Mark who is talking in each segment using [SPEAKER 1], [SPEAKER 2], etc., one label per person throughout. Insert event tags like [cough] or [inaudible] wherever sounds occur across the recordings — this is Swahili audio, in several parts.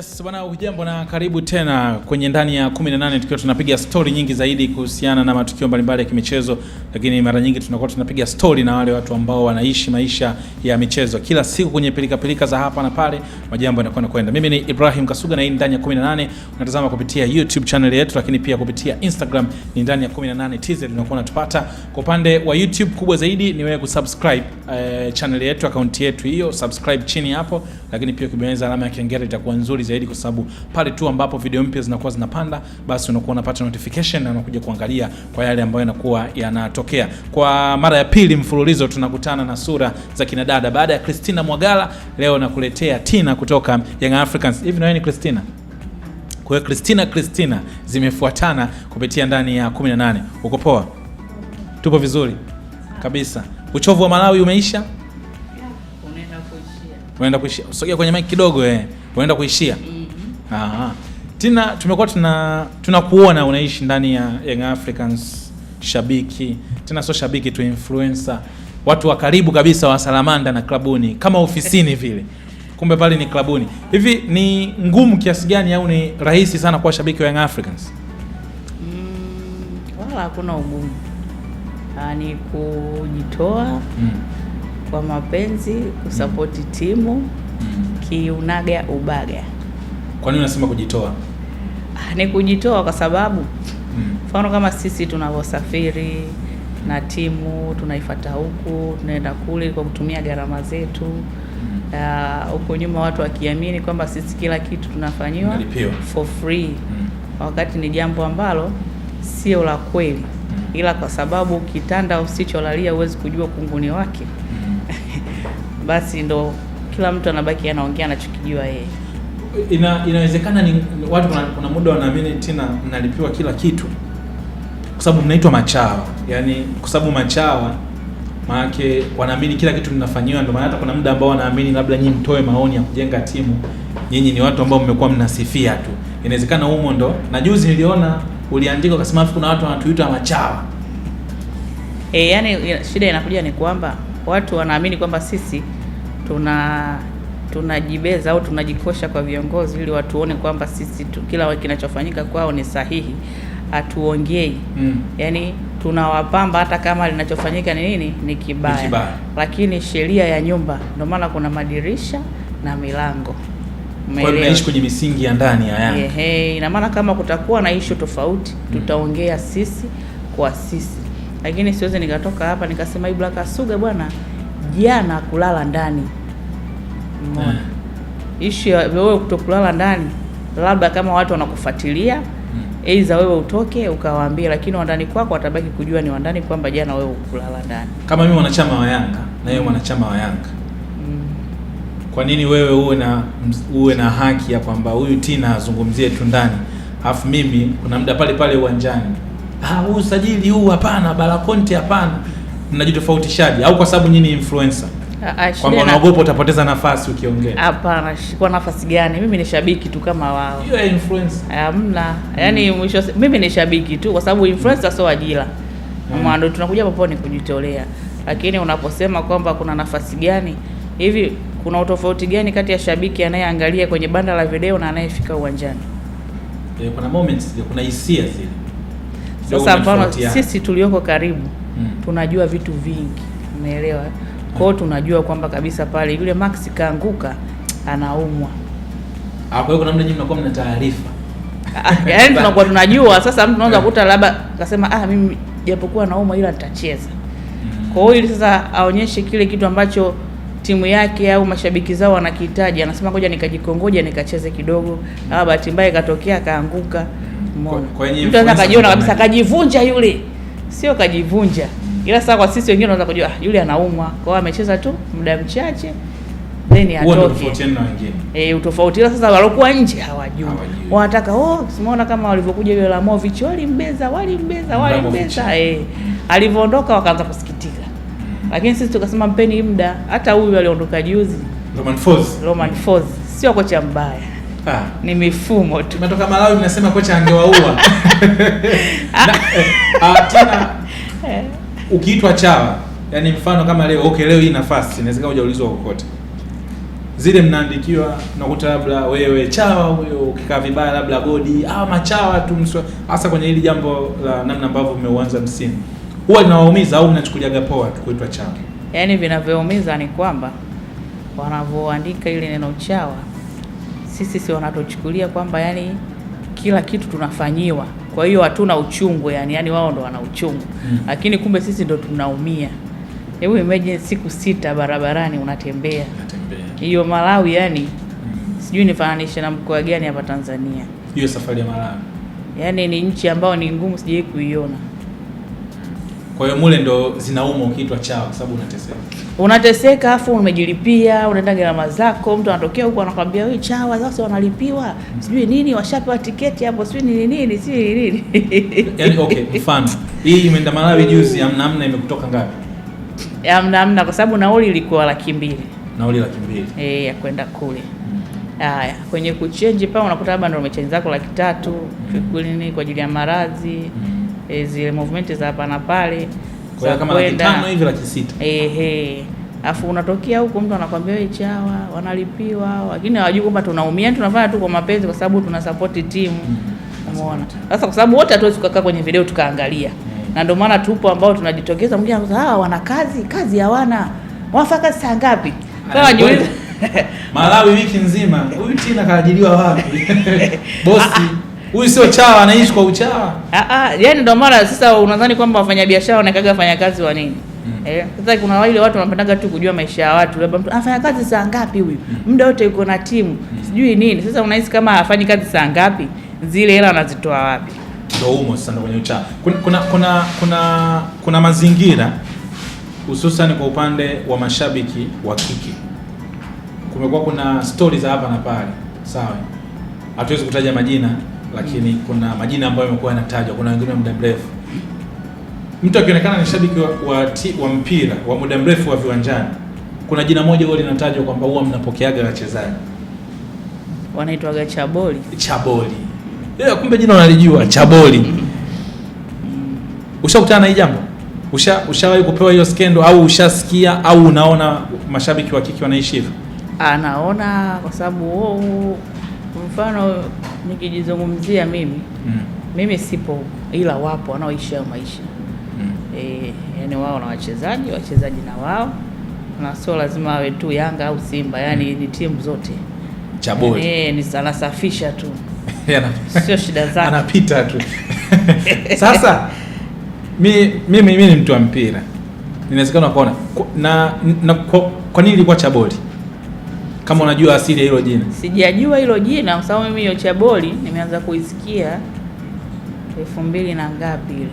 [SPEAKER 1] Yes, bwana hujambo na karibu tena kwenye ndani ya 18 tukiwa tunapiga stori nyingi zaidi kuhusiana na matukio mbalimbali ya kimichezo, lakini mara nyingi tunakuwa tunapiga stori na wale watu ambao wanaishi maisha ya michezo kila siku kwenye pilika pilika za hapa na pale, majambo yanakuwa yanakwenda. Mimi ni Ibrahim Kasuga na hii ndani ya 18 unatazama kupitia YouTube channel yetu, lakini pia kupitia Instagram ni ndani ya 18 TZ unakuwa unatupata. Kwa upande wa YouTube kubwa zaidi ni wewe kusubscribe uh, channel yetu, akaunti yetu hiyo subscribe chini hapo, lakini pia ukibonyeza alama ya kengele itakuwa nzuri zaidi, kwa sababu pale tu ambapo video mpya zinakuwa zinapanda, basi unakuwa unapata notification na unakuja kuangalia kwa yale ambayo yanakuwa yanatokea. Kwa mara ya pili mfululizo tunakutana na sura za kina dada. Baada ya Christina Mwagala, leo nakuletea Tina kutoka Young Africans. Hivi na wewe ni Christina? Kwa Christina Christina zimefuatana kupitia ndani ya 18. Uko poa? Tupo vizuri kabisa. Uchovu wa Malawi umeisha?
[SPEAKER 2] Unaenda kuishia. Unaenda kuishia.
[SPEAKER 1] Sogea kwenye mic kidogo eh unaenda kuishia
[SPEAKER 2] mm -hmm. Aha. Tina,
[SPEAKER 1] tumekuwa tuna tunakuona unaishi ndani ya Young Africans, shabiki tena, sio shabiki tu, influencer, watu wa karibu kabisa wa Salamanda na klabuni, kama ofisini [laughs] vile, kumbe pale ni klabuni. Hivi ni ngumu kiasi gani au ni rahisi sana kuwa shabiki wa Young Africans?
[SPEAKER 2] Mm, wala hakuna ugumu, ah, ni kujitoa mm. kwa mapenzi
[SPEAKER 1] mm. kusapoti timu
[SPEAKER 2] kiunaga ubaga. Kwa nini unasema kujitoa? Ah, ni kujitoa kwa sababu hmm. mfano mm. kama sisi tunavyosafiri na timu tunaifata huku tunaenda kule kwa kutumia gharama zetu hmm. ah, huko. Uh, nyuma watu wakiamini kwamba sisi kila kitu tunafanyiwa for free mm. wakati ni jambo ambalo sio la kweli, hmm. ila kwa sababu kitanda usicholalia huwezi kujua kunguni wake mm. [laughs] basi ndo kila mtu anabaki anaongea anachokijua yeye.
[SPEAKER 1] Ina, inawezekana ni watu kuna, kuna muda wanaamini tena mnalipiwa kila kitu kwa sababu mnaitwa machawa, yaani kwa sababu machawa maanake wanaamini kila kitu mnafanyiwa. Ndio maana hata kuna muda ambao wanaamini labda nyinyi mtoe maoni ya kujenga timu, nyinyi ni watu ambao mmekuwa mnasifia tu. Inawezekana humo ndo, na juzi niliona uliandika ukasema kuna watu wanatuita machawa
[SPEAKER 2] e, eh, yani shida inakuja ni kwamba watu wanaamini kwamba sisi tuna tunajibeza au tunajikosha kwa viongozi ili watuone kwamba sisi tu, kila kinachofanyika kwao ni sahihi, hatuongei mm. Yani tunawapamba hata kama linachofanyika ni nini ni kibaya, kibaya. Lakini sheria ya nyumba ndio maana kuna madirisha na milango
[SPEAKER 1] naishi kwenye misingi ya ndani
[SPEAKER 2] ya yeah. Ina maana kama kutakuwa na ishu tofauti mm. tutaongea sisi kwa sisi, lakini siwezi nikatoka hapa nikasema Ibrah Suga bwana vijana kulala ndani. Umeona eh. ishu ya wewe kutokulala ndani, labda kama watu wanakufuatilia hmm. Aidha wewe utoke ukawaambia, lakini wandani kwako watabaki kujua ni wandani kwamba jana wewe ukulala
[SPEAKER 1] ndani. Kama mimi mwanachama wa Yanga na yeye mwanachama wa Yanga mm. kwa nini wewe uwe na uwe na haki ya kwamba huyu Tina azungumzie tu ndani, alafu mimi kuna muda pale pale uwanjani, ah, huu usajili huu hapana, Bala hapana mnajitofautishaje au kwa sababu nyinyi ni influencer ah, ah, kwamba unaogopa utapoteza nafasi ukiongea?
[SPEAKER 2] Hapana, kwa nafasi gani? Mimi ni shabiki tu kama wao. Hiyo ya influencer hamna, yaani hmm. mwisho Mimi ni shabiki tu kwa sababu influencer sio ajira mm. Mwando tunakuja papo ni kujitolea, lakini unaposema kwamba kuna nafasi gani hivi, kuna utofauti gani kati ya shabiki anayeangalia kwenye banda la video na anayefika uwanjani?
[SPEAKER 1] Eh, kuna moments,
[SPEAKER 2] kuna hisia zile. Sasa mfano sisi tulioko karibu mm. tunajua vitu vingi, umeelewa? Kwa hiyo tunajua kwamba kabisa pale yule Max kaanguka, anaumwa. Ah, kwa hiyo
[SPEAKER 1] kuna muda nyinyi mnakuwa mna taarifa
[SPEAKER 2] [laughs] yaani tunakuwa [laughs] tunajua. Sasa mtu unaweza eh. kukuta labda akasema ah, mimi japokuwa naumwa ila nitacheza. Mm. Kwa hiyo ili sasa aonyeshe kile kitu ambacho timu yake au mashabiki zao wanakihitaji, anasema ngoja nikajikongoja nikacheze kidogo, au bahati mbaya ikatokea akaanguka. Mm. Umeona, mtu akajiona kabisa akajivunja yule sio kajivunja, ila sasa kwa sisi wengine unaweza kujua ah, yule anaumwa, kwa hiyo amecheza tu muda mchache then atoke.
[SPEAKER 1] Eh, utofauti. Ila sasa walokuwa
[SPEAKER 2] nje hawajui, wanataka oh, simuona kama walivyokuja yule Lamovic, walimbeza walimbeza walimbeza, eh alivyoondoka wakaanza kusikitika, lakini sisi tukasema mpeni muda. Hata huyu aliondoka juzi
[SPEAKER 1] Roman Foz, Roman Foz sio kocha
[SPEAKER 2] mbaya Ah. ni mifumo
[SPEAKER 1] tu. Umetoka Malawi, mnasema kocha angewaua [laughs] eh, ah, tena eh. ukiitwa chawa, yani mfano kama leo okay, leo hii nafasi inawezekana hujaulizwa kokote zile mnaandikiwa, nakuta labda wewe chawa huyo, ukikaa vibaya labda godi ah, machawa tu, hasa kwenye hili jambo la namna ambavyo mmeuanza msimu, huwa linawaumiza au mnachukuliaga poa kuitwa chawa? Yaani, vinavyoumiza
[SPEAKER 2] ni kwamba wanavyoandika ile neno chawa sisi si wanatochukulia kwamba yani kila kitu tunafanyiwa, kwa hiyo hatuna uchungu yani, yani wao ndo wana uchungu mm. Lakini kumbe sisi ndo tunaumia. Hebu imagine siku sita barabarani unatembea hiyo Malawi yani mm. Sijui nifananishe na mkoa gani hapa Tanzania, hiyo safari ya
[SPEAKER 1] Malawi yani ni nchi ambayo ni
[SPEAKER 2] ngumu, sijai kuiona
[SPEAKER 1] kwa hiyo mule ndo zinauma ukiitwa chawa kwa sababu unateseka.
[SPEAKER 2] Unateseka afu umejilipia, unaenda gharama zako, mtu anatokea huko anakwambia wewe chawa sasa wanalipiwa. Mm. Sijui nini washapewa tiketi hapo, sijui nini nini, si nini. [laughs] Yaani okay, mfano.
[SPEAKER 1] Hii imeenda Malawi juzi ya amna imekutoka ngapi? Ya
[SPEAKER 2] amna kwa sababu nauli ilikuwa laki mbili. Nauli laki mbili. Eh, ya kwenda kule. Haya, kwenye kuchenji pa unakuta labda ndio umechenji zako laki tatu, mm. kwa ajili ya maradhi. Mm e, zile movement za hapa na pale za kwenda
[SPEAKER 1] hivi laki sita ehe,
[SPEAKER 2] afu unatokea huku mtu anakwambia wewe chawa wanalipiwa, lakini hawajui kwamba tunaumia, yaani tunafanya tu kwa mapenzi, kwa sababu tuna support timu mm. umeona. Sasa kwa sababu wote hatuwezi kukaa kwenye video tukaangalia, mm. na ndio maana tupo ambao tunajitokeza, mwingine anakuza hawa ah, wana kazi, kazi hawana, wafanya kazi saa ngapi? Sasa ah, wajiulize Malawi
[SPEAKER 1] wiki nzima, huyu tena kaajiriwa wapi? [laughs] bosi Huyu sio chawa, anaishi kwa uchawa. Ah
[SPEAKER 2] ah, yani ndio mara sasa unadhani kwamba wafanyabiashara wanakaga kazi wa nini? Mm. Eh, sasa kuna wale watu wanapendaga tu kujua maisha ya watu, labda mtu afanya ah, kazi saa ngapi huyu? Hmm. Muda wote yuko na timu. Hmm. Sijui nini. Sasa unahisi kama afanyi kazi saa ngapi? Zile hela anazitoa wapi?
[SPEAKER 1] Ndio humo sasa ndio kwenye uchawa. Kuna kuna kuna kuna, kuna mazingira hususan kwa upande wa mashabiki wa kike. Kumekuwa kuna stories za hapa na pale. Sawa. Hatuwezi kutaja majina lakini kuna majina ambayo yamekuwa yanatajwa, kuna wengine muda mrefu. Mtu akionekana ni shabiki wa, wa, ti, wa mpira wa muda mrefu wa viwanjani, kuna jina moja huwa linatajwa kwamba huwa mnapokeaga wachezaji
[SPEAKER 2] wanaitwaga Chaboli. Chaboli
[SPEAKER 1] yeah, kumbe jina unalijua Chaboli. Mm-hmm. Ushakutana na hii jambo usha ushawahi kupewa hiyo skendo au ushasikia au unaona mashabiki wa kike wanaishi hivyo? Anaona
[SPEAKER 2] ah, kwa sababu oh, mfano nikijizungumzia mimi mm. mimi sipo ila wapo wanaoishi hayo maisha mm. E, yani wao na wachezaji wachezaji na wao na sio lazima awe tu Yanga au Simba yani mm. ni timu zote Chaboli. E, ni anasafisha tu
[SPEAKER 1] [laughs] sio shida zake anapita tu [laughs] sasa mimi mi, mi, mi ni mtu wa mpira inawezekana kuona na, na, na, kwa, kwa nini ilikuwa Chaboli kama unajua asili ya hilo jina. Sijajua hilo jina kwa sababu
[SPEAKER 2] mimi hiyo Chaboli nimeanza kuisikia elfu mbili na ngapi ile,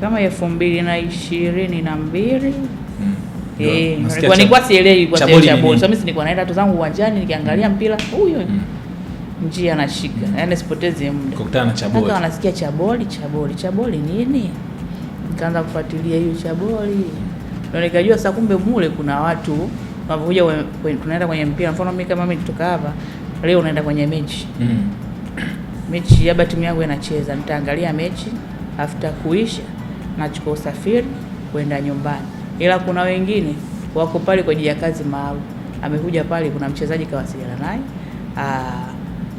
[SPEAKER 2] kama elfu mbili na ishirini na mbili hmm. eh, nilikuwa sielewi kwa sababu Chaboli. Sasa mimi nilikuwa naenda tu zangu uwanjani nikiangalia hmm. mpira huyo mm. njia anashika mm. yaani sipotezi muda kukutana na Chaboli, sasa wanasikia Chaboli Chaboli Chaboli nini, nikaanza kufuatilia hiyo Chaboli ndio nikajua sasa kumbe mule kuna watu tunapokuja tunaenda kwenye mpira, mfano mimi kama mimi nitoka hapa leo unaenda kwenye mechi mm. mechi labda timu yangu inacheza, nitaangalia mechi after kuisha, nachukua usafiri kwenda nyumbani, ila kuna wengine wako pale kwa ajili ya kazi maalum. Amekuja pale, kuna mchezaji kawasiliana naye ah,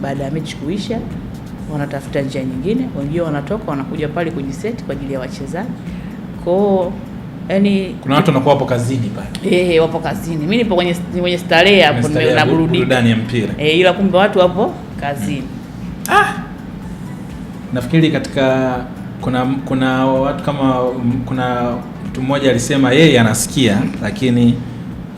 [SPEAKER 2] baada ya mechi kuisha, wanatafuta njia nyingine, wengine wanatoka wanakuja pale kujiseti kwa ajili ya wachezaji kwao yani, kuna watu wanakuwa wapo kazini
[SPEAKER 1] pale eh, eh wapo kazini. Mimi nipo kwenye
[SPEAKER 2] kwenye starehe hapo na burudani ya mpira eh, ila kumbe watu wapo kazini mm. Ah,
[SPEAKER 1] nafikiri katika kuna kuna watu kama kuna mtu mmoja alisema yeye anasikia lakini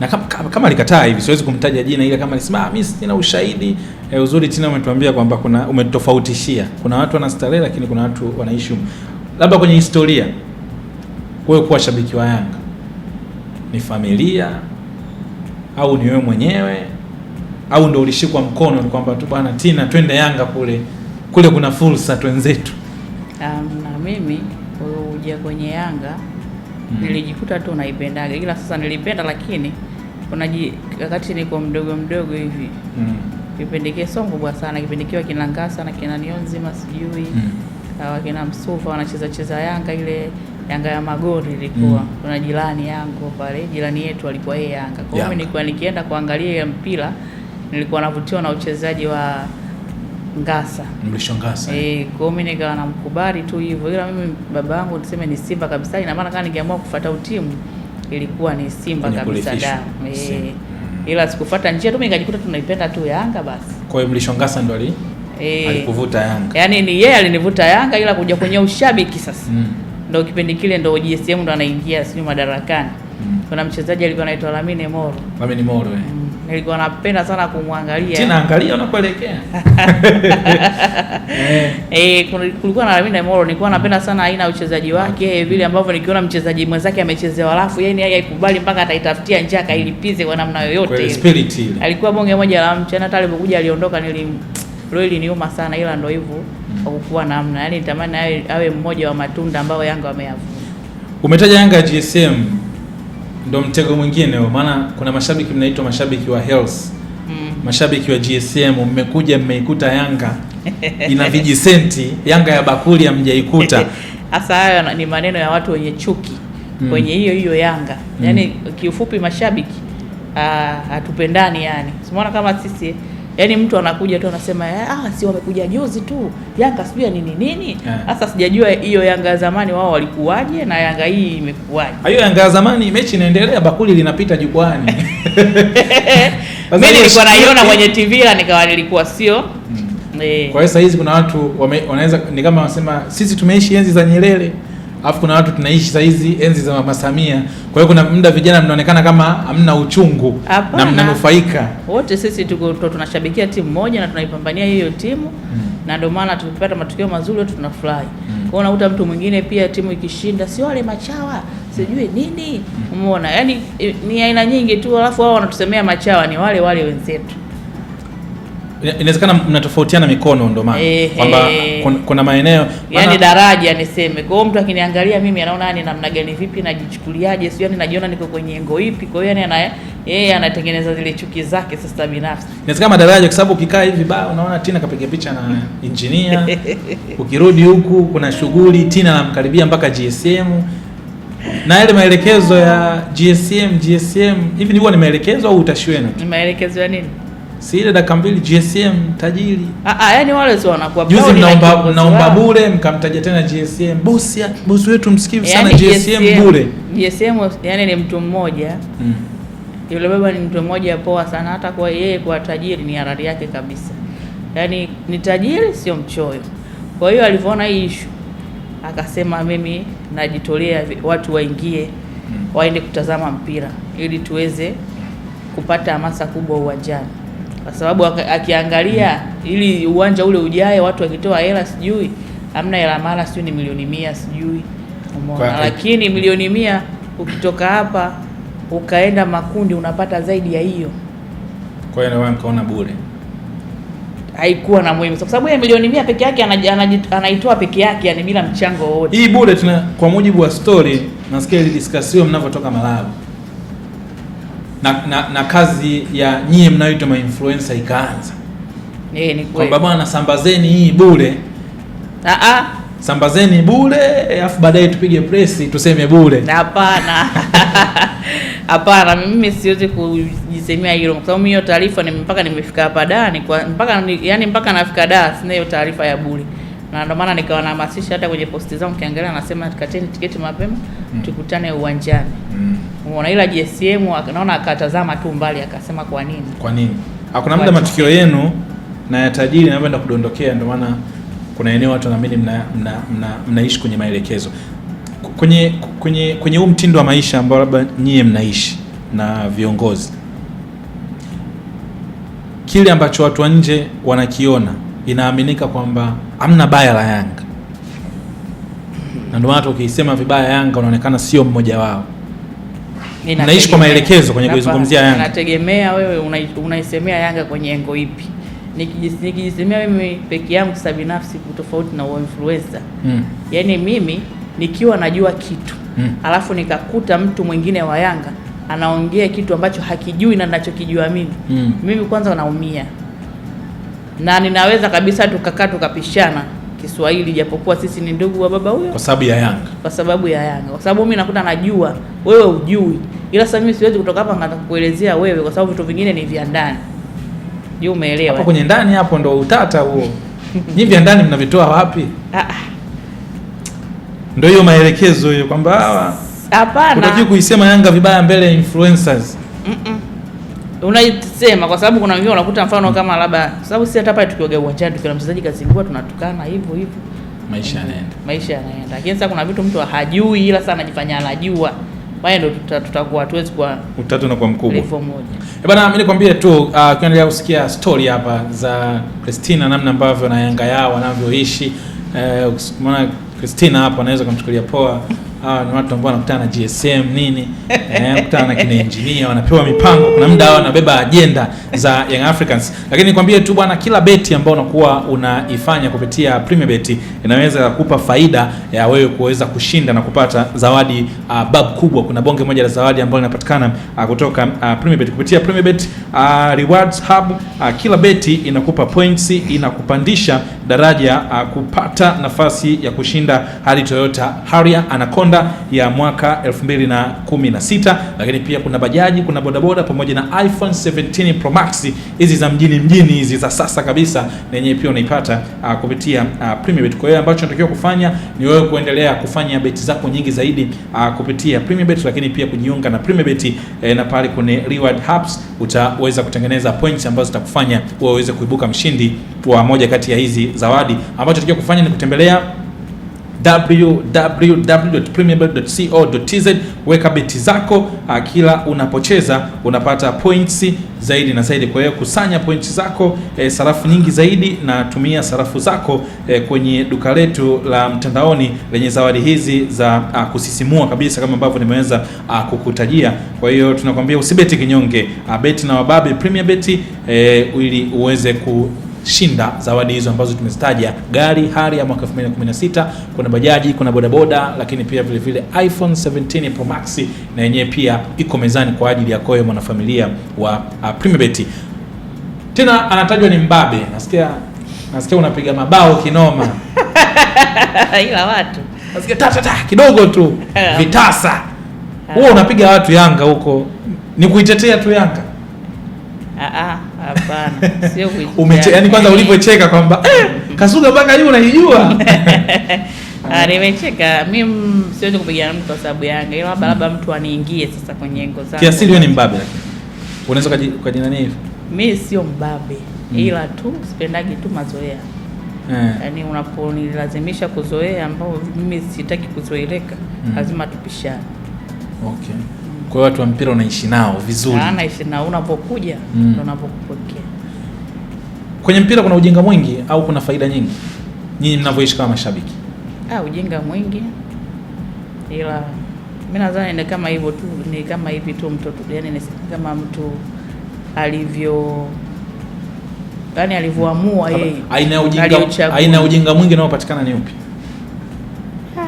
[SPEAKER 1] na kama, kama alikataa hivi, siwezi kumtaja jina, ila kama alisema ah, mimi sina ushahidi e, uzuri tena umetuambia kwamba kuna umetofautishia, kuna watu wanastarehe, lakini kuna watu wanaishi labda kwenye historia wewe kuwa shabiki wa Yanga ni familia au ni wewe mwenyewe au ndio ulishikwa mkono kwamba tu bwana Tina, twende Yanga kule kule, kuna fursa twenzetu? Um,
[SPEAKER 2] na mimi kuja kwenye Yanga mm, nilijikuta tu naipendaga, ila sasa nilipenda, lakini kuna wakati niko mdogo mdogo hivi mm, kipindi kile sio kubwa sana, kipindi kile kina Ngasa na kina Nionzima sijui mm, wakina Msufa wanacheza cheza Yanga ile Yanga ya Magori ilikuwa mm. kuna jirani yangu pale, jirani yetu alikuwa yeye Yanga. Kwa hiyo nilikuwa nikienda kuangalia ile mpira, nilikuwa navutiwa na uchezaji wa Ngasa, Mrisho Ngasa eh. Kwa hiyo mimi nikawa namkubali tu hivyo, ila mimi baba yangu tuseme ni Simba kabisa, ina maana kama ningeamua kufuata utimu ilikuwa ni Simba kabisa da eh, mm. ila sikufuata njia tu, mimi nikajikuta tunaipenda tu Yanga basi.
[SPEAKER 1] Kwa hiyo Mrisho Ngasa ndo ali e,
[SPEAKER 2] alikuvuta Yanga, yaani ni yeye alinivuta Yanga, ila kuja kwenye ushabiki sasa mm ndio kipindi kile ndio GSM ndo anaingia sio madarakani. Mm. Kuna mchezaji alikuwa anaitwa Lamine Moro. Lamine
[SPEAKER 1] Moro eh. Mm. Nilikuwa napenda sana kumwangalia. Tena angalia unapoelekea. [laughs]
[SPEAKER 2] eh. Eh, kulikuwa na Lamine Moro nilikuwa napenda sana aina ya uchezaji wake mm. vile ambavyo nikiona mchezaji mwenzake amechezewa alafu yeye yeye haikubali mpaka ataitafutia njia akailipize kwa namna yoyote. Kwa Spirit ile. Alikuwa bonge moja la mchana hata alipokuja aliondoka nilim [tsk] Royal niuma sana ila ndio hivyo hakukuwa namna, yaani nitamani awe, awe mmoja wa matunda ambayo Yanga wameyavuna. Umetaja Yanga
[SPEAKER 1] ya GSM ndo mtego mwingine, maana kuna mashabiki mnaitwa mashabiki wa health mm. mashabiki wa GSM mmekuja mmeikuta Yanga [laughs] ina vijisenti, Yanga ya bakuli hamjaikuta.
[SPEAKER 2] [laughs] Hasa hayo ni maneno ya watu wenye chuki mm. kwenye hiyo hiyo Yanga yaani mm. kiufupi mashabiki ah, hatupendani, yani simuona kama sisi Yaani mtu anakuja tu anasema eh, ah, si wamekuja juzi tu Yanga sijui ya nini nini. Eh. Sasa sijajua hiyo Yanga ya zamani wao walikuwaje na Yanga hii imekuwaje?
[SPEAKER 1] Hiyo Yanga ya zamani mechi inaendelea, bakuli linapita jukwani.
[SPEAKER 2] [laughs] [laughs] Mimi nilikuwa naiona kwenye TV na nikawa nilikuwa sio
[SPEAKER 1] mm. E. Kwa hiyo saa hizi kuna watu wanaweza ni kama wanasema sisi tumeishi enzi za Nyerere Alafu kuna watu tunaishi saa hizi enzi za mama Samia. Kwa hiyo kuna muda vijana mnaonekana kama hamna uchungu Apana, na mnanufaika
[SPEAKER 2] wote. Sisi tuko tunashabikia timu moja na tunaipambania hiyo timu hmm. na ndio maana tukipata matukio mazuri wote tunafurahi hmm. Kwa unakuta mtu mwingine pia timu ikishinda, si wale machawa sijui nini, hmm. umeona mm. Yaani ni aina nyingi tu, alafu wao wanatusemea machawa ni wale wale wenzetu
[SPEAKER 1] inawezekana mnatofautiana mikono, ndio maana kwamba kuna maeneo yani daraja
[SPEAKER 2] niseme. Kwa hiyo mtu akiniangalia mimi anaona yani namna gani, vipi, najichukuliaje, sio yani najiona niko kwenye engo ipi. Kwa hiyo yani ana yeye anatengeneza zile chuki zake sasa binafsi. Inawezekana madaraja, kwa sababu ukikaa
[SPEAKER 1] hivi ba unaona Tina kapiga picha na engineer [laughs] ukirudi huku kuna shughuli Tina anamkaribia mpaka GSM na yale maelekezo ya GSM GSM hivi, ni huwa ni maelekezo au
[SPEAKER 2] utashiwena? Ni maelekezo ya nini? si
[SPEAKER 1] ile dakika mbili GSM tajiri.
[SPEAKER 2] Ah ah, yani wale sio wanakuwa juzi, mnaomba naomba ah. bure, mkamtaja tena GSM bosi, bosi wetu msikivu sana yani GSM bure. GSM yani ni mtu mmoja mm. Yule baba ni mtu mmoja poa sana, hata kwa yeye kwa tajiri ni harari yake kabisa, yani ni tajiri, sio mchoyo. Kwa hiyo alivyoona hii issue akasema, mimi najitolea watu waingie mm. waende kutazama mpira ili tuweze kupata hamasa kubwa uwanjani kwa sababu akiangalia ili uwanja ule ujae, watu wakitoa hela sijui amna hela mara sijui ni milioni mia sijui umeona, lakini milioni mia ukitoka hapa ukaenda makundi unapata zaidi ya hiyo.
[SPEAKER 1] Kwa hiyo wewe mkaona bure
[SPEAKER 2] haikuwa na muhimu, kwa sababu yeye milioni mia peke yake anaitoa peke yake, yani bila mchango wowote. Hii bure tuna,
[SPEAKER 1] kwa mujibu wa story nasikia ilidiscussiwa mnavyotoka Malawi na, na, na kazi ya nyie mnayoita influencer ikaanza ee, Kwa bwana, sambazeni hii bure,
[SPEAKER 2] sambazeni
[SPEAKER 1] bure, alafu baadaye tupige presi tuseme bure. Hapana,
[SPEAKER 2] [laughs] hapana, mimi siwezi kujisemea hilo kwa sababu hiyo taarifa ni mpaka nimefika hapa da ni kwa, mpaka yani mpaka nafika da sina hiyo taarifa ya bure na ndio maana nikawa nahamasisha hata kwenye posti zangu, kiangalia nasema kateni tiketi mapema mm. tukutane uwanjani mm. Umeona, ila GSM naona akatazama tu mbali akasema kwa nini? Kwa nini? Hakuna ah, muda
[SPEAKER 1] matukio yenu na ya tajiri yanavyoenda kudondokea, ndio maana kuna eneo watu naamini mnaishi mna, mna, kwenye maelekezo kwenye kwenye kwenye huu mtindo wa maisha ambao labda nyie mnaishi na viongozi, kile ambacho watu wa nje wanakiona inaaminika kwamba hamna baya la Yanga, na ndio maana ukisema vibaya Yanga unaonekana sio mmoja wao naishi kwa maelekezo kwenye kuizungumzia Yanga. Nategemea
[SPEAKER 2] wewe unaisemea una Yanga kwenye engo ipi? Nikijisemea mimi peke yangu sasa binafsi tofauti na influencer. Mm. Yaani mimi nikiwa najua kitu mm. alafu nikakuta mtu mwingine wa Yanga anaongea kitu ambacho hakijui na ninachokijua mimi mm. mimi kwanza naumia na ninaweza kabisa tukakaa tukapishana Kiswahili japokuwa sisi ni ndugu wa baba huyo, kwa sababu ya Yanga,
[SPEAKER 1] kwa sababu ya Yanga, kwa sababu mimi nakuta najua
[SPEAKER 2] wewe ujui, ila sasa mimi siwezi kutoka hapa ngata kukuelezea wewe, kwa sababu vitu vingine ni vya ndani. Je, umeelewa? Hapo kwenye ndani hapo ndo utata
[SPEAKER 1] huo. Ni vya ndani mnavitoa wapi? Ah, ah, ndio hiyo maelekezo hiyo kwamba hawa hapana, unataka kuisema Yanga vibaya mbele ya influencers. Mm
[SPEAKER 2] -mm unaisema kwa sababu kuna wengine unakuta mfano kama labda, sababu sisi hata pale tukioga uwanjani tukiona mchezaji kazingua, tunatukana hivyo hivyo, maisha
[SPEAKER 1] yanaenda, maisha yanaenda. Lakini sasa kuna vitu mtu
[SPEAKER 2] hajui, ila sana anajifanya anajua baye ndo tutakuwa tuwezi kwa
[SPEAKER 1] utatu na kwa mkubwa moja e bana. Mimi nikwambie tu uh, ukiendelea kusikia story hapa za Christina, namna ambavyo na Yanga yao wanavyoishi uh, eh, maana Christina hapa anaweza kumchukulia poa. Hawa ah, ni watu ambao wanakutana na GSM nini, [laughs] eh, wanakutana na kina engineer wanapewa mipango, kuna muda wanabeba ajenda za Young Africans. Lakini nikwambie tu bwana, kila beti ambayo unakuwa unaifanya kupitia Premier Bet inaweza kukupa faida ya wewe kuweza kushinda na kupata zawadi uh, bab kubwa. Kuna bonge moja la zawadi ambayo inapatikana uh, kutoka uh, Premier Bet kupitia Premier Bet uh, Rewards Hub uh, kila beti inakupa points, inakupandisha daraja uh, kupata nafasi ya kushinda hadi Toyota Harrier Anaconda ya mwaka 2016 lakini pia kuna bajaji, kuna bodaboda pamoja na iPhone 17 Pro Max, hizi za mjini mjini, hizi za sasa kabisa, na yenyewe pia unaipata uh, kupitia uh, Premium Bet. Kwa hiyo ambacho unatakiwa kufanya ni wewe kuendelea kufanya beti zako nyingi zaidi uh, kupitia Premium Bet, lakini pia kujiunga na Premium Bet eh, na pale kwenye reward hubs utaweza kutengeneza points ambazo zitakufanya wewe uweze kuibuka mshindi wa moja kati ya hizi zawadi. Ambacho unatakiwa kufanya ni kutembelea www.premierbet.co.tz. Weka beti zako, ah, kila unapocheza unapata points zaidi na zaidi. Kwa hiyo kusanya points zako, e, sarafu nyingi zaidi, na tumia sarafu zako e, kwenye duka letu la mtandaoni lenye zawadi hizi za a, ah, kusisimua kabisa kama ambavyo nimeweza ah, kukutajia. Kwa hiyo tunakwambia usibeti kinyonge, beti na wababe Premier Beti e, ili uweze ku shinda zawadi hizo ambazo tumezitaja: gari hari ya mwaka 2016, kuna bajaji, kuna bodaboda, lakini pia vile vile iPhone 17 Pro Max na yenyewe pia iko mezani kwa ajili ya koe mwanafamilia wa uh, PremiBet. Tena anatajwa ni mbabe, nasikia nasikia unapiga mabao kinoma [laughs]
[SPEAKER 2] ila watu nasikia ta ta ta
[SPEAKER 1] kidogo tu vitasa wewe unapiga watu Yanga huko, ni kuitetea tu Yanga.
[SPEAKER 2] Ah, ah. Hapana,
[SPEAKER 1] sio [laughs] kwanza ulivyocheka kwamba [laughs] eh, Kasuga mpaka hiyo unaijua.
[SPEAKER 2] [laughs] Ah, nimecheka. Mimi siwezi kupigana mtu kwa sababu Yanga. Ila labda labda mtu aniingie
[SPEAKER 1] sasa kwenye ngo zangu. Kiasili wewe ni mbabe lakini. Unaweza nini hivi?
[SPEAKER 2] Mimi sio mbabe. Mm. Ila tu sipendagi tu mazoea. Eh. Yaani unaponilazimisha kuzoea ambao mimi sitaki kuzoeleka, mm. lazima tupishane.
[SPEAKER 1] Okay. Kwa hiyo watu wa mpira unaishi nao vizuri, naishi nao unapokuja
[SPEAKER 2] mm. unapokupokea.
[SPEAKER 1] Kwenye mpira kuna ujinga mwingi au kuna faida nyingi nyinyi mnavyoishi kama mashabiki? Ah, ujinga
[SPEAKER 2] mwingi, ila mimi nadhani ni kama hivyo tu, ni kama hivi tu mtoto, yaani ni kama mtu alivyo yaani alivyoamua yeye. Aina ya ujinga,
[SPEAKER 1] aina ya ujinga mwingi unaopatikana ni upi? Ha.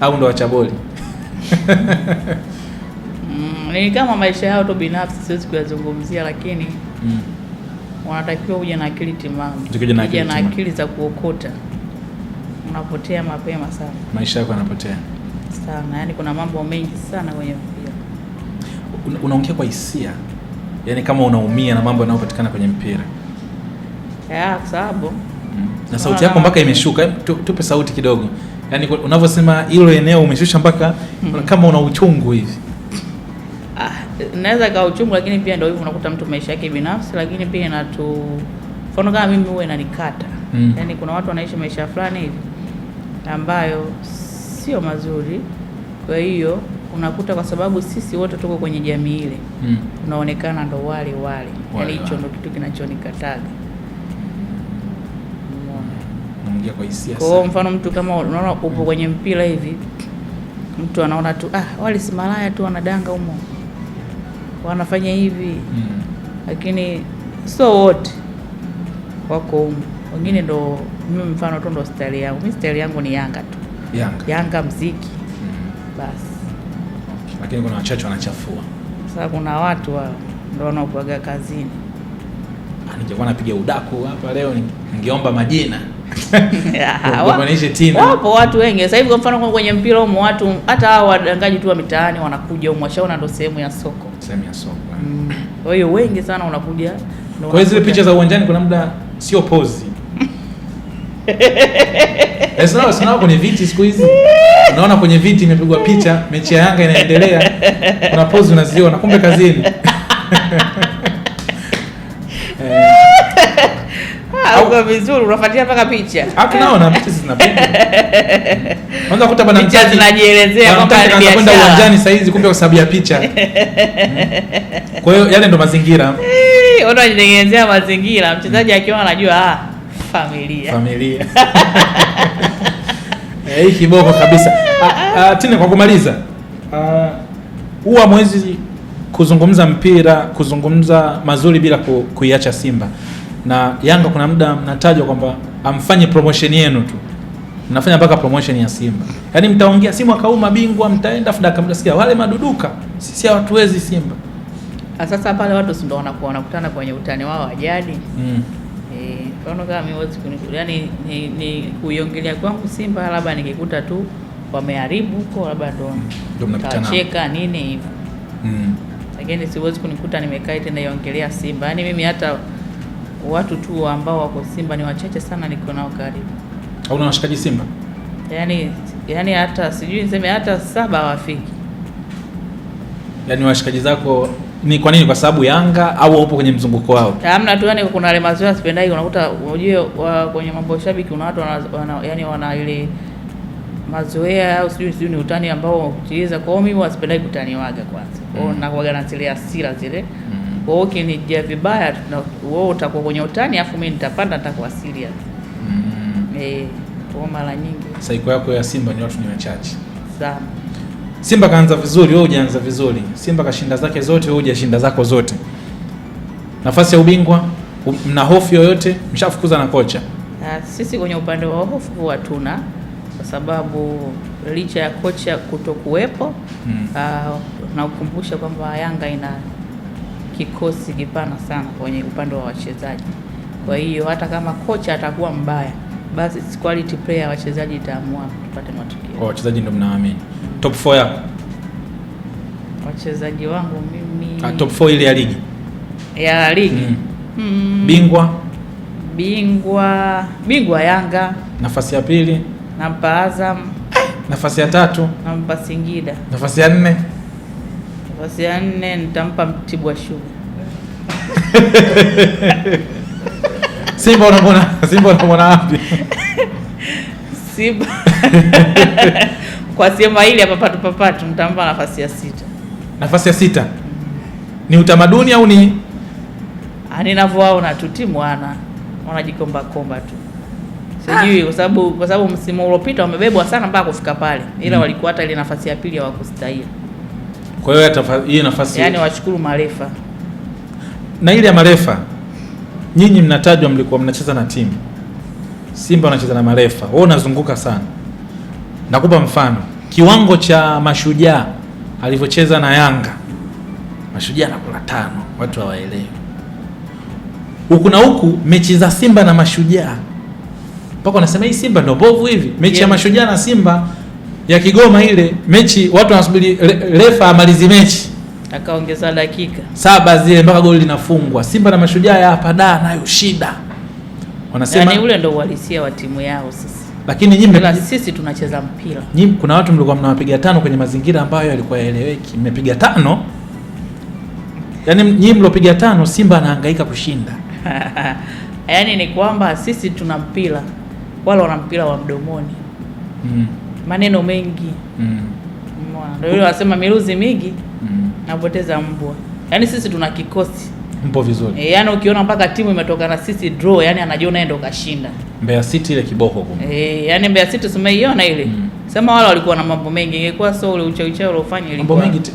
[SPEAKER 1] Ah. Au ndo wachaboli
[SPEAKER 2] Mm, ni kama maisha yao tu binafsi, siwezi kuyazungumzia, lakini mm, wanatakiwa uje na akili timamu, kuja na akili za kuokota. Unapotea mapema sana, maisha yako yanapotea sana, yaani kuna mambo mengi sana kwenye mpira.
[SPEAKER 1] Una, unaongea kwa hisia, yaani kama unaumia na mambo yanayopatikana kwenye mpira ya, kwa sababu
[SPEAKER 2] mm, na sauti yako mpaka imeshuka.
[SPEAKER 1] Tupe sauti kidogo yani unavyosema hilo eneo umeshusha mpaka mm. kama una uchungu hivi
[SPEAKER 2] ah, naweza kawa uchungu, lakini pia ndio hivyo unakuta mtu maisha yake binafsi, lakini pia inatu mfano kama mimi huwa inanikata mm. yani kuna watu wanaishi maisha fulani hivi ambayo sio mazuri, kwa hiyo unakuta kwa sababu sisi wote tuko kwenye jamii ile mm. unaonekana ndo wale wale, yani hicho ndo kitu kinachonikataga unaingia kwa hisia. Kwa mfano mtu kama unaona upo kwenye mpira hivi, mtu anaona tu ah, wale si malaya tu wanadanga humo wanafanya hivi mm. Lakini so wote wako humo, wengine ndo mimi mfano tu ndo style yangu mimi, stari yangu ni Yanga tu Yanga, Yanga mziki mm. Basi
[SPEAKER 1] lakini kuna wachache wanachafua.
[SPEAKER 2] Sasa kuna watu wa ndo wanaokuaga kazini,
[SPEAKER 1] anapiga udaku hapa leo, ningeomba majina [laughs] Wapo watu wengi sasa hivi,
[SPEAKER 2] kwa mfano kwenye mpira humo watu hata hao wadangaji tu wa mitaani wanakuja, washaona ndo sehemu ya soko, sehemu ya soko. Eh. Mm. Kwa hiyo wengi sana wanakuja.
[SPEAKER 1] Kwa hiyo zile picha za uwanjani kuna muda sio pozi Sinawa [laughs] eh, kwenye viti siku hizi, unaona kwenye viti imepigwa picha, mechi ya Yanga inaendelea, una pozi unaziona, kumbe kazini [laughs]
[SPEAKER 2] unajua vizuri, unafuatilia mpaka picha. Haki ah, naona picha [laughs] zinapiga. Unaweza kukuta bwana mchezaji anajielezea kwamba anataka kwenda uwanjani saa hizi kumbe kwa sababu ya picha. [laughs]
[SPEAKER 1] Kwa hiyo yale ndo mazingira. Eh,
[SPEAKER 2] unajitengenezea mazingira. Mchezaji akiwa anajua ah, familia. Familia. [laughs]
[SPEAKER 1] Eh, kiboko kabisa. Ah, ah Tena kwa kumaliza. Ah, Huwa mwezi kuzungumza mpira, kuzungumza mazuri bila kuiacha Simba na Yanga kuna muda mnatajwa kwamba amfanye promotion yenu tu, mnafanya mpaka promotion ya Simba. Yaani mtaongea Simba kauma bingwa, mtaenda fudaka, mtasikia wale maduduka, sisi hatuwezi Simba. Ah,
[SPEAKER 2] sasa pale watu si ndio wanakuwa wanakutana kwenye utani wao wa jadi mm. E, eh, yani ni, ni kuiongelea kwangu Simba, labda nikikuta tu wameharibu huko, labda ndo mtacheka mm. nini hivyo mm. Lakini siwezi kunikuta nimekaa tena iongelea Simba, yaani mimi hata watu tu ambao wako Simba ni wachache sana niko nao karibu. Hauna
[SPEAKER 1] washikaji Simba? Yaani
[SPEAKER 2] yaani hata sijui niseme hata saba hawafiki.
[SPEAKER 1] Yaani washikaji zako ni kwa nini? Kwa sababu Yanga au upo kwenye mzunguko wao?
[SPEAKER 2] Hamna tu, yani kuna wale mazoea sipendai. Unakuta unajue kwenye mambo ya shabiki kuna watu wana, wana, yani wana ile mazoea au sijui sijui ni utani ambao kutiliza Kwa hiyo mimi wasipendai kutaniwaga kwanza. Kwa hiyo mm. nakuwaga na zile asira zile kwa hiyo ukinijia vibaya, wewe utakuwa kwenye utani, afu mimi nitapanda, nitakuasilia tu mm. Mm-hmm. Eh, kwa mara nyingi saiko yako ya Simba ni watu ni wachache Sawa. Simba kaanza vizuri, wewe hujaanza vizuri. Simba kashinda zake zote, wewe hujashinda zako zote. Nafasi ya ubingwa mna hofu yoyote? Mshafukuza na kocha? Ah, sisi kwenye upande wa hofu huwa tuna kwa sababu licha ya kocha kutokuwepo, mm. Ah, naukumbusha kwamba Yanga ina kikosi kipana sana kwenye upande wa wachezaji. Kwa hiyo hata kama kocha atakuwa mbaya, basi quality player wachezaji itaamua tupate matokeo.
[SPEAKER 1] Kwa wachezaji ndio mnaamini. Top 4 yako?
[SPEAKER 2] Wachezaji wangu mimi. Ah, top 4 ile
[SPEAKER 1] ya ligi. Ya ligi. Mm.
[SPEAKER 2] Mm. Bingwa? Bingwa, bingwa
[SPEAKER 1] Yanga. Nafasi ya pili? Nampa Azam. Nafasi ya tatu?
[SPEAKER 2] Nampa Singida. Nafasi ya nne?
[SPEAKER 1] Kozi ya nne
[SPEAKER 2] nitampa Mtibwa Sugar.
[SPEAKER 1] Simba unamwona, Simba unamwona wapi?
[SPEAKER 2] Simba kwa sema hili papatu papatu, nitampa nafasi ya sita.
[SPEAKER 1] Nafasi ya sita ni utamaduni au ni ah,
[SPEAKER 2] ninavyoona tu timu ana wanajikomba komba tu sijui, ah. kwa sababu kwa sababu msimu uliopita wamebebwa sana mpaka kufika pale, ila mm, walikuwa hata ile nafasi ya pili hawakustahili.
[SPEAKER 1] Kwa hiyo hiyo nafasi yani,
[SPEAKER 2] washukuru marefa
[SPEAKER 1] na ile ya marefa. Nyinyi mnatajwa mlikuwa mnacheza na timu Simba, wanacheza na marefa, wewe unazunguka sana. Nakupa mfano kiwango cha mashujaa alivyocheza na Yanga, mashujaa nakula tano, watu hawaelewi huku na huku. Mechi za Simba na mashujaa mpaka wanasema hii Simba ndio bovu hivi, mechi yeah, ya mashujaa na Simba ya Kigoma ile mechi watu wanasubiri refa amalizi mechi akaongeza
[SPEAKER 2] dakika saba zile mpaka goli
[SPEAKER 1] linafungwa. Simba na Mashujaa hapa da nayo shida, wanasema yani
[SPEAKER 2] ule ndio uhalisia wa timu yao sisi. Lakini nyinyi sisi tunacheza mpira.
[SPEAKER 1] Nyinyi kuna watu mlikuwa mnawapiga tano kwenye mazingira ambayo yalikuwa yaeleweki, mmepiga tano. Yani nyinyi mlopiga tano, Simba anahangaika kushinda [laughs] yani ni
[SPEAKER 2] kwamba sisi tuna mpira, wala wana mpira wa mdomoni mm maneno mengi mm. Ndio yule wanasema miruzi mingi mm. napoteza mbwa. Yaani sisi tuna kikosi mpo vizuri e, eh, yani ukiona mpaka timu imetoka na sisi draw, yani anajiona yeye ndo kashinda.
[SPEAKER 1] Mbeya City ile kiboko kumbe Eh,
[SPEAKER 2] yani Mbeya City sumeiona ile mm. sema wale walikuwa na mambo mengi, ingekuwa so ule uchawi uchawi uliofanya ile mambo mengi te...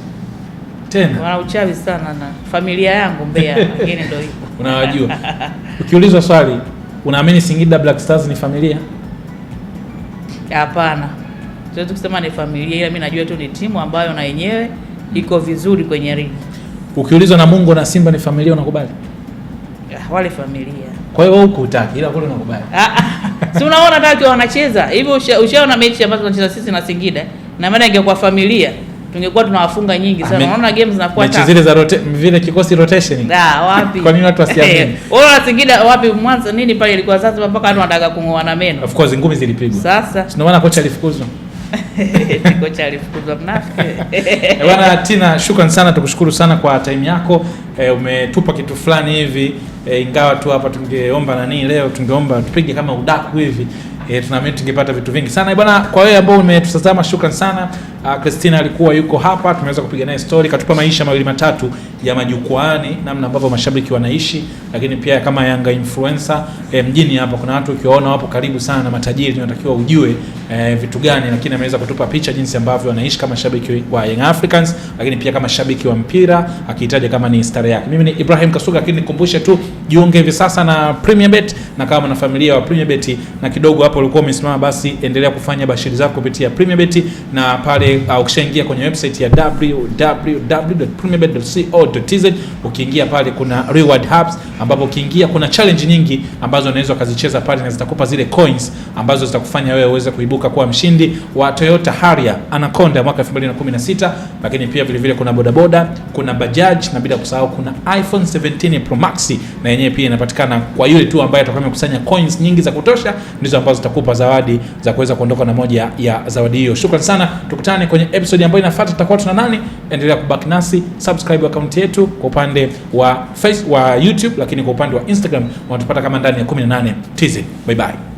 [SPEAKER 1] tena wana uchawi sana na
[SPEAKER 2] familia yangu Mbeya ngine [laughs] ndio hiyo
[SPEAKER 1] unawajua. [laughs] Ukiulizwa swali, unaamini Singida Black Stars ni familia?
[SPEAKER 2] Hapana siwezi kusema ni familia, ila mimi najua tu ni timu ambayo na yenyewe iko vizuri kwenye ligi.
[SPEAKER 1] Ukiulizwa na Mungu na Simba ni familia, unakubali? Ah, Wale familia.
[SPEAKER 2] Kwa hiyo huko utaki, ila kule unakubali. Ah, ah. Si unaona hata wakiwa wanacheza hivi, ushaona mechi ambazo tunacheza sisi na Singida, na maana ingekuwa familia tungekuwa tunawafunga nyingi sana. Unaona game zinakuwa tafu. Mechi zile za rote vile kikosi
[SPEAKER 1] rotation. Da, ah, wapi? Kwa nini watu wasiamini?
[SPEAKER 2] [laughs] Eh, Wao na Singida wapi Mwanza nini pale ilikuwa sasa mpaka watu wanataka kung'oana meno.
[SPEAKER 1] Of course ngumi zilipigwa. Sasa. Ndio maana kocha alifukuzwa. [laughs]
[SPEAKER 2] kocha alifukuzwa mnafiki. [laughs] Eh,
[SPEAKER 1] bwana Tina, shukrani sana, tukushukuru sana kwa time yako. E, umetupa kitu fulani hivi e, ingawa tu hapa tungeomba nani leo tungeomba tupige kama udaku hivi e, tunaamini tungepata vitu vingi sana bwana. Kwa wewe ambao umetutazama, shukrani sana. Uh, Christina alikuwa yuko hapa, tumeweza kupiga naye story, katupa maisha mawili matatu ya majukwaani, namna ambavyo mashabiki wanaishi, lakini pia kama Yanga influencer eh, mjini hapa kuna watu ukiwaona wapo karibu sana na matajiri, tunatakiwa ujue eh, vitu gani, lakini ameweza kutupa picha jinsi ambavyo wanaishi kama shabiki wa Young Africans, lakini pia kama shabiki wa mpira akihitaji kama ni star yake. Mimi ni Ibrahim Kasuga, lakini nikumbushe tu jiunge hivi sasa na Premier Bet, na kama na familia wa Premier Bet na kidogo hapo ulikuwa umesimama, basi endelea kufanya bashiri zako kupitia Premier Bet na pale ukishaingia kwenye website ya www.premierbet.co.tz, ukiingia pale kuna reward hubs, ambapo ukiingia kuna challenge nyingi ambazo unaweza ukazicheza pale na zitakupa zile coins ambazo zitakufanya wewe uweze kuibuka kuwa mshindi wa Toyota Harrier Anaconda mwaka 2016, lakini pia vile vile kuna bodaboda, kuna bajaji na bila kusahau kuna iPhone 17 Pro Max na yenyewe pia inapatikana kwa yule tu ambaye atakuwa amekusanya coins nyingi za kutosha, ndizo ambazo zitakupa zawadi za kuweza kuondoka na moja ya zawadi hiyo. Shukrani sana, tukutane tukutane kwenye episode ambayo inafuata, tutakuwa tuna nani. Endelea kubaki nasi, subscribe account yetu kwa upande wa face wa YouTube, lakini kwa upande wa Instagram unatupata kama ndani ya 18 TZ. Bye bye.